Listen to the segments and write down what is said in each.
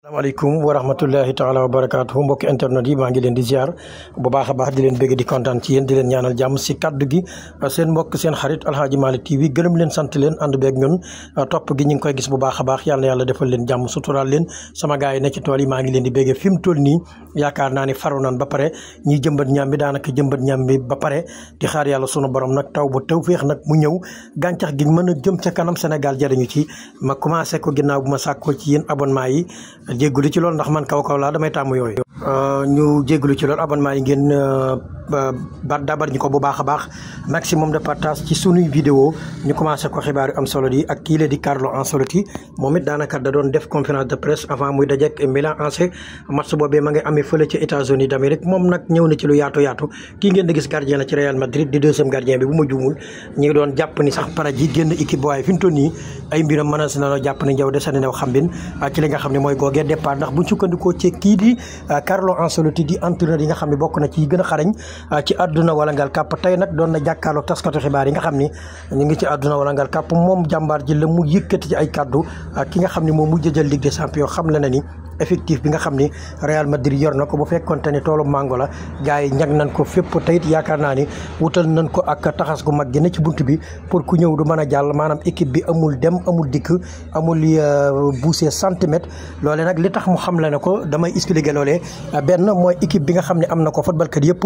asalaamaaleykum wa rahmatullahi taala wa barakaatu mbokki internet yi maa ngi leen di jaar bu baax a baax di leen bëgg di kontaan ci yéen di leen ñaanal jàmm si kaddu gi seen mbokk seen xarit Aladji Malick TV gërëm leen sant leen ànd beeg ñun topp gi ñu ngi koy gis bu baax a baax yàlla yàlla defal leen jàmm suturaal leen sama gars yi ne ci tool yi maa ngi leen di bëgg fi mu toll nii yaakaar naa ni faru naan ba pare ñiy jëmbat ñaam bi daanaka jëmbat ñaam bi ba pare di yàlla sunu borom nag taw ba taw féex nag mu ñëw gàncax gi mën a jëm ca kanam Sénégal jariñu ci ma commencé ko ginnaaw bu ma sàkkoo ci yéen abonnement yi jégglu ci loolu ndax man kaw kaw laa damay tàmm yooyu. Euh, ñu jégglu ci loolu abonnement yi ngeen euh, ba dabar ñu ko bu baax a baax maximum de partage ci sunuy vidéo ñu commencé ko xibaar yu am solo yi ak kii la de presse avant muy dajeek Milan AC match boobee ma ngi amee fële ci États-Unis ngeen di gardien la ci Real Madrid di deuxième gardien bi bu ma ñu doon jàpp ni sax Paradji génn équipe waaye fi nii ay mbiram mën na si jàpp ni njaw desandi new xam bin ci li nga xam ne mooy googe des départs ndax bu ñu sukkandikoo ci kii di euh, Carlo Ancelotti di entraîneur nga xam ne bokk na ci gën a euh, ci àdduna wala ngal kàpp tey nag doon na jàkkaarloog taskatu yi nga xam ni ñu ngi ci àdduna wala ngal kàpp ki nga xam ne moom mu jëjal Ligue des Champions na ni effectif bi nga xam ni Real Madrid yor ko bu fekkoonte ni toolu mango la gars yi ñag nañ ko fépp tayit yaakaar naa ni wutal nañ ko ak taxas gu mag gi ne ci bunt bi pour ku ñëw du mën a jàll maanaam équipe bi amul dem amul dikk amul euh, bousee centimètre loole nag li tax mu xam la ne ko damay expliquer loolee benn mooy équipe bi nga xam ne am na ko footballkat yëpp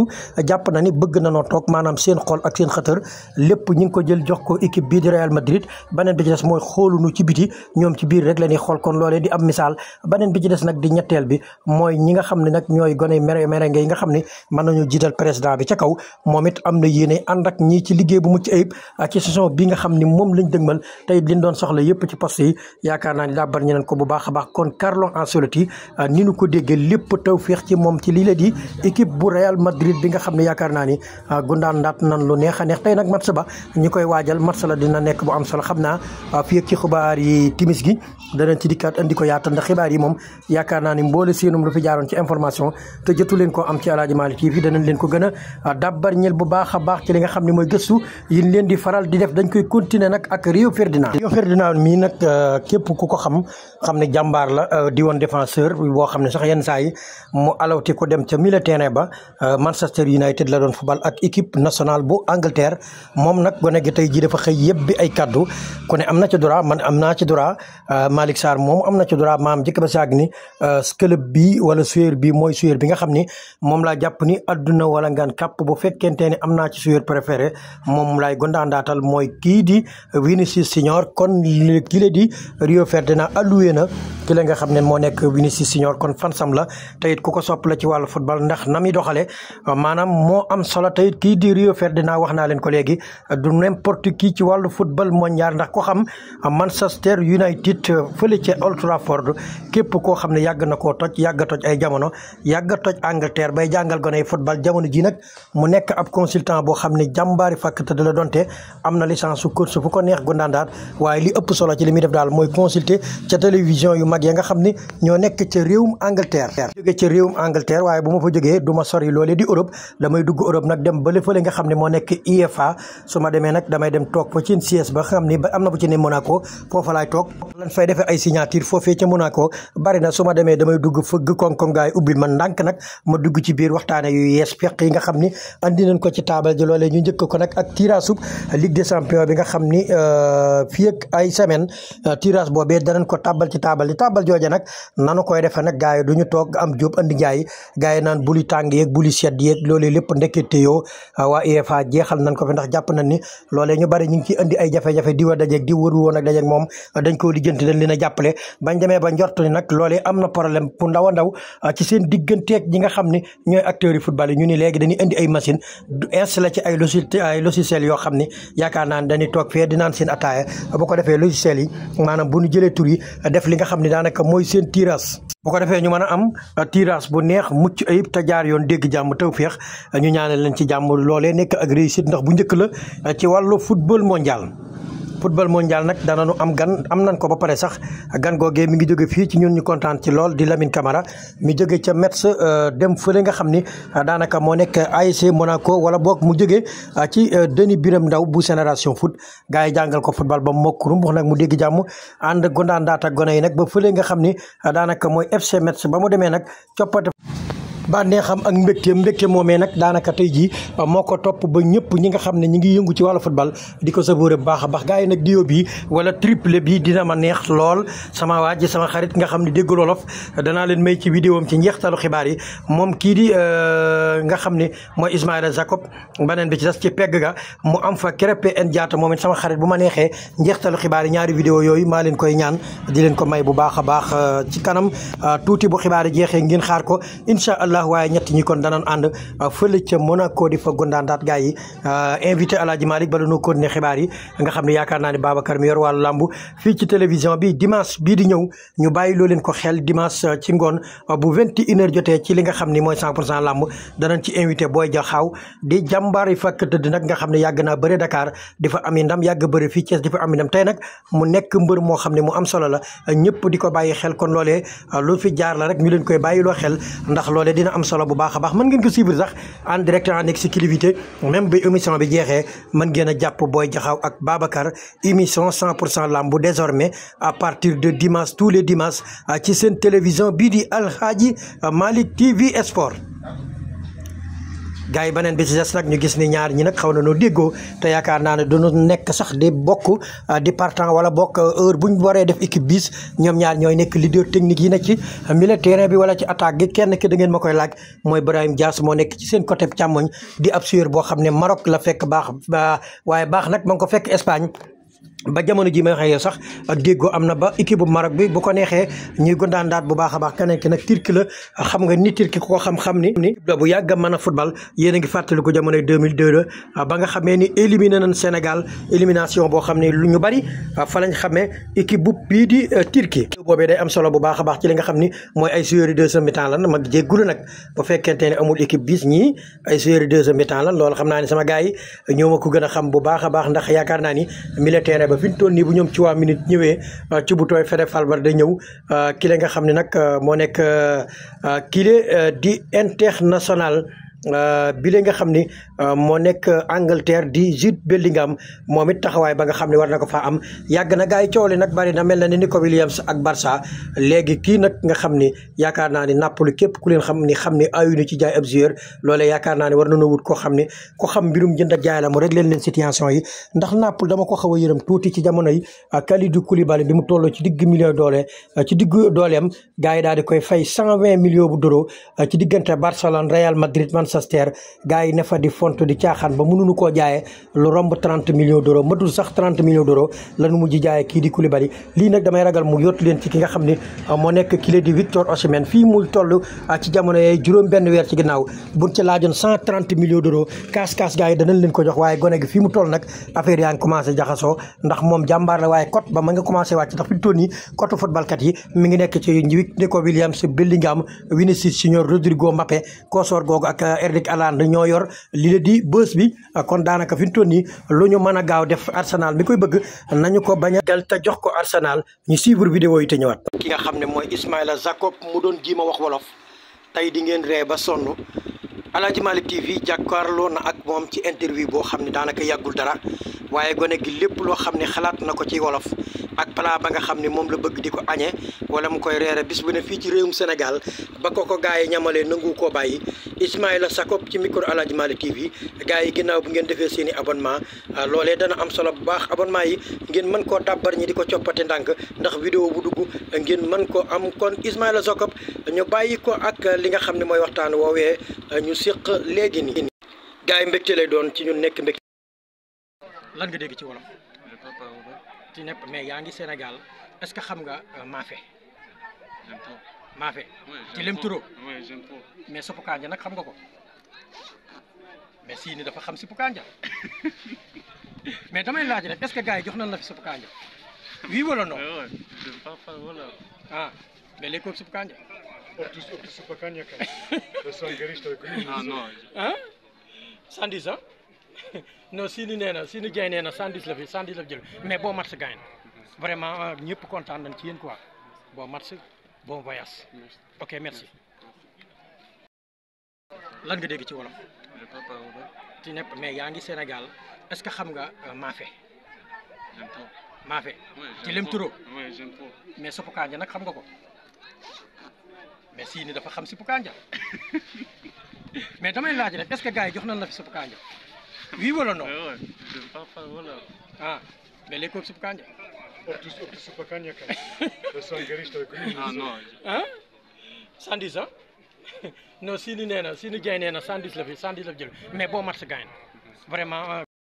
jàpp na ni bëgg na noo toog maanaam seen xol ak seen xëtër lépp ñi ngi ko jël jox ko équipe bii di Real Madrid beneen bi ci des mooy xoolunu ci biti ñoom ci biir rek la ñuy xool kon loolee di am misaal bi ci des nag di ñetteel bi mooy ñi nga xam ne nag ñooy gone mere merengue yi nga xam ne mën nañu jiital président bi ca kaw moom it am na yéene ànd ak ñii ci liggéey bu mucc ayib ci saison bi nga xam ni moom lañ dëgmal tey liñ doon soxla yëpp ci poste yi yaakaar naa ni daa bari ñu ko bu baax a baax kon Carlo Ancelotti a euh, ñu ko déggee lépp tawféex ci moom ci lii la di équipe bu Real Madrid bi nga xam ne yaakaar naa ni euh, gundaan ndaat nan lu neex a neex tey nag match ba ñi koy waajal match la dina nekk bu am solo xam naa euh, fii ak ci xibaar yi timis ci dikkaat andi ci information te ci Aladji Malick TV ko gën a ñel bu baax a baax ci li nga xam ne mooy gëstu yin leen di faral di def dañ koy continuer nag ak Rio Ferdinand Rio Ferdinand mii nag képp ku ko xam xam ne woon défenseur boo xam ne sax yenn saa yi mu alawti ko dem ca milieu terrain ba euh, Manchester United la doon football ak équipe nationale bu Angleterre moom nag gone bi ay kaddu euh, am na ci droit maam jëkk ba ni euh, club bi wala joueur bi mooy joueur bi nga xam ni moom la jàpp ni adduna wala ngaan kàpp bu fekkente ne am naa ci joueur préféré moom laay gondaandaatal mooy kii di Vinicius Junior kon kii la di Rio Ferdinand alloué na ki la nga xam ne moo nekk Vinicius Junior kon fansam la te it ku ko sopp la ci wàllu football ndax na muy doxalee maanaam moo am solo te it kii di Rio Ferdinand wax naa leen ko léegi du n'importe qui ci wàllu football mondial ndax ko xam Manchester United fële ca Old Trafford képp koo xam ne yàgg na ko toj yàgg toj ay jamono yàgg toj Angleterre bay jàngal gone ay football jamono ji nag mu nekk ab consultant bo xam ne jàmbaari fàkk te da la donte am na licence su course fu ko neex ñoo nekk ca réewum Angleterre jóge ca réewum Angleterre waaye bu ma fa jógee du ma sori loolee di Europe damay dugg Europe nag dem ba fële nga xam ne moo nekk UEFA su ma demee nag damay dem toog fa ci siège ba xam ni ba am na bu ci ne Monaco foofa laay toog lan fay defee ay signature foofee ca Monaco bari na su ma demee damay dugg fëgg koŋ-koŋ gaay ubbil man ndànk nag ma dugg ci biir waxtaane yu yees feq nga xam ni andi nañ ko ci taabal ji loole ñu njëkk ko nag ak tirage sub Ligue bi nga xam ni euh, fii ak ay semaine euh, tirage boobee danañ ko tàbbal ci taabal ji taabal jooja nag nanu koy defee nag gars yi du ñu toog am jub andi njaay gars yi naan buli tàng yeeg buli sedd yeeg loolee lépp ndekkete yoo ah, waa UEFA jeexal nañ ko fi ndax jàpp nañ ni loole ñu bari ñu ngi ciy andi ay jafe-jafe di wa dajeeg di wëru woon ak dajeeg moom dañ koo lijjanti dañ leen a jàppale bañ demee ba njort ni nag loolee am na problème pour ndaw a ah, ci seen digganteeg ñi nga xam ne ñooy acteurs yi football yi ñu ni léegi dañuy indi ay machine du installé ci ay logiciel ay logiciel yoo xam ne yaakaar naa ne dañuy toog fee di naan seen ataaya bu yi seen tirage bu ko defee ñu mën a am euh, tirage bu neex mucc ayib te jaar yoon dégg jàmm tew feex ñu ñaanal leen ci jàmm loolee nekk ak réussite ndax bu njëkk la euh, ci wàllu football mondial football mondial nag danañu am gan am nañ ko ba pare sax gan googee mi ngi jóge fii ci ñun ñu kontaan ci lool di Lamine kamara mi jóge ca Metz euh, dem fële nga xam ni euh, daanaka moo nekk ay ASC Monaco wala boog mu jóge euh, ci Denis Biram Ndaw bu génération fut gars yi jàngal ko football ba mokk rumbax nag mu dégg jàmm ànd gondaan daata gone yi nag ba fële nga xam ni daanaka mooy FC Metz ba mu demee nag coppate bànneexam ak mbégteem mbégte moomee nag daanaka tey jii moo ko topp ba ñëpp ñi nga xam ne ñi ngi yëngu ci wàllu football di ko savouré bu baax a baax gars yi nag dio bi wala triple bi dina ma neex lool sama waa ji sama xarit nga xam ne dégg wolof danaa leen may ci vidéo am ci njeextalu xibaar yi moom kii di euh, nga xam ne mooy Ismaïla Jacob beneen bi ci des ci pegg ga mu am fa Krépin Diatta moom it sama xarit bu ma neexee njeextalu xibaar yi ñaari vidéo yooyu maa leen koy ñaan di leen may bu baax a baax euh, ci kanam euh, tuuti bu xibaar jeexee ngeen xaar ko incha allah waaye ñett ñi kon danañ ànd uh, fële ca Monaco di fa gondaandaat gars yi uh, invité Aladji Malick bala noo continuer xibaar nga xam ne yaakaar naa ne Babacar mi yor wàllu làmb fii ci télévision bi dimanche bii di ñëw ñu bàyyi loo ko xel dimanche uh, ci ngoon bu vingt et jotee ci li nga xam ni mooy cent pour cent làmb bo ci a Boy Jaxaaw di jàmbaar yi fàkk tëdd nag nga xam ne yàgg naa bëre Dakar di fa am ndam yàgg bëre fii Thiès di fa am ndam mu nekk moo xam ne mu am solo la ñëpp di ko bàyyi xel kon loolee lu fi jaar dina am solo bu baax a baax mën ngeen ko suivre sax en direct en exclusivité même bi émission bi jeexee mën ngeen a jàpp booy jaxaw ak Babacar émission 100 pour cent lambu désormais à partir de dimanche tous les dimanches euh, ci seen télévision bii di Alhaji euh, Malick TV Sport gars yi beneen bi ci des nag ñu gis ni ñaar ñi nag xaw na noo déggoo te yaakaar naa ne duñu nekk sax di bokk euh, di wala bokk euh, heure buñ waree def équipe bis ñoom ñaar ñooy nekk leader technique yi nekk ci milieu terrain bi wala ci attaque gi kenn ki ngeen ma koy laaj mooy Brahim Diaz moo nekk ci seen côté càmmoñ di ab sueur boo xam ne Maroc la fekk baax waaye baax nag ma ngi ko fekk Espagne ba jamono ji may waxee sax déggoo am na ba équipe bu Maroc bi bu ko neexee ñuy gondaandaat bu baax a baax keneen ki nag Turki xam nga ni Turki ku ko xam-xam ni ni bu yàgg mën a football yéen a ngi fàttaliku jamonoy 2002 la ba nga xamee ni éliminé nañ Sénégal élimination boo xam ne lu ñu bari fa lañ xamee équipe bu bii di euh, Turki boobee day am solo bu baax a baax ci li nga xam ni mooy ay joueurs yu deuxième mi-temps lan mag jéggulu nag bu fekkente ne amul équipe bis ñii ay joueurs yu deuxième mi-temps lan loolu xam naa ni sama gars yi ñoo ko gën xam bu baax a baax ndax yaakaar naa ni militaire ba fi ñu bu ñoom ci waa minute ñëwee ah, ci bu tooy Fede Valverde ñëw ah, kii la nga xam ne nag ah, moo nekk kii di international Euh, bile nga xam ni euh, moo nekk Angleterre di Jude am moom it taxawaay ba nga xam ne war na ko fa am yàgg na gars yi coow li nag bari na mel na ni Nico Williams ak Barça léegi kii nga xam ni yaakaar naa ni Napoli képp ku leen xam ni xam ni ayuñu ci jaay ab joueur yaakaar naa ni war nañoo wut koo xam ni ko xam mbirum jënd ak jaay la mu rek leen leen yi ndax Napoli dama ko xaw a yërëm tuuti ci jamono yi euh, Kalidou Koulibaly bi mu tolloo ci digg million doole ci digg dooleem gars yi daal di koy fay cent vingt millions bu doro ci diggante Barcelone Real Madrid man Manchester gars yi ne fa di font di caaxaan ba mënuñu koo jaayee lu romb 30 millions d'euros matul sax 30 millions d'euros lanu mujj jaayee kii di Koulibaly lii nag damay ragal mu yóotu ci ki nga xam ne ah, moo nekk kii di Victor Osimhen fii mu toll ah, ci jamono yooyu juróom benn weer ci ginnaaw buñ ci laajoon 130 millions d'euros kaas-kaas gars yi danañ leen ko jox waaye gone fii mu toll nag affaire yaa ngi commencé jaxasoo ndax moom jàmbaar la waaye cote Erling Haaland ñoo yor li di bës bi kon daanaka fi mu toll nii lu ñu mën a gaaw def Arsenal mi koy bëgg nañu ko bañ a dal te jox ko Arsenal ñu suivre vidéo yi te ñëwaat. ki nga xam ne mooy Ismaïla Jacob mu doon ji ma wax wolof tey di ngeen ree ba sonn Aladji Malick TV jàkkaarloo na ak moom ci interview boo xam ne daanaka yàggul dara waaye gone gi lépp loo xam ne xalaat na ko ci wolof. ak palaa ba nga xam ne moom la bëgg di ko añee wala mu koy reere bis bu ne fii ci réewum Sénégal ba ko ko Ismaïla Sakop ci micro Aladji Malick TV gars yi ginnaaw bu ngeen defee seeni i abonnement ah, loolee dana am solo bu baax abonnement yi ngeen mën koo dàbbar ñi di ko coppati ndànk ndax vidéo bu dugg ngeen mën ko am kon Ismaïla Sakop ñu bàyyi ko ak li nga xam ne mooy waxtaan woowee ñu séq léegi nii. gars yi mbégte lay doon ci ñun nekk mbégte. lan ci wolof. ci nepp mais ngi Sénégal est que xam nga euh, Mafé. maafe ci lem turo mais suppu kanja nag xam nga ko mais sii dafa xam suppu kanja mais damay laaj rek est-ce que gars jox nañ la fi suppu kanja oui wala non ah mais léegi kooku suppu kanja Ortus, ortus suppu kanja kaj. To su angarišta na Sini la fi sandis la fi jël mais boo match gagne vraiment euh, ñëpp kontaan nañ ci yéen quoi boo match bon voyage. ok merci. lan nga dégg ci wolof. ci nepp mais yaa ngi Sénégal est-ce que xam nga maafe. Euh, maafe. ci lem mais suppu kanja nag xam nga ko. mais sii ni dafa xam suppu kanja mais damay laaj rek est-ce que yi jox nañ la fi suppu kanja oui wala non. ah mais léegi kooku Otuz, otuzu bakan yakar. Ve son geri işte okuyun. Ah no. ah Sandis ah non Sidi nee na Sidi Gaye nee na Sandis la fi Sandis la fi jël mais boo mat sa gaañ vraiment.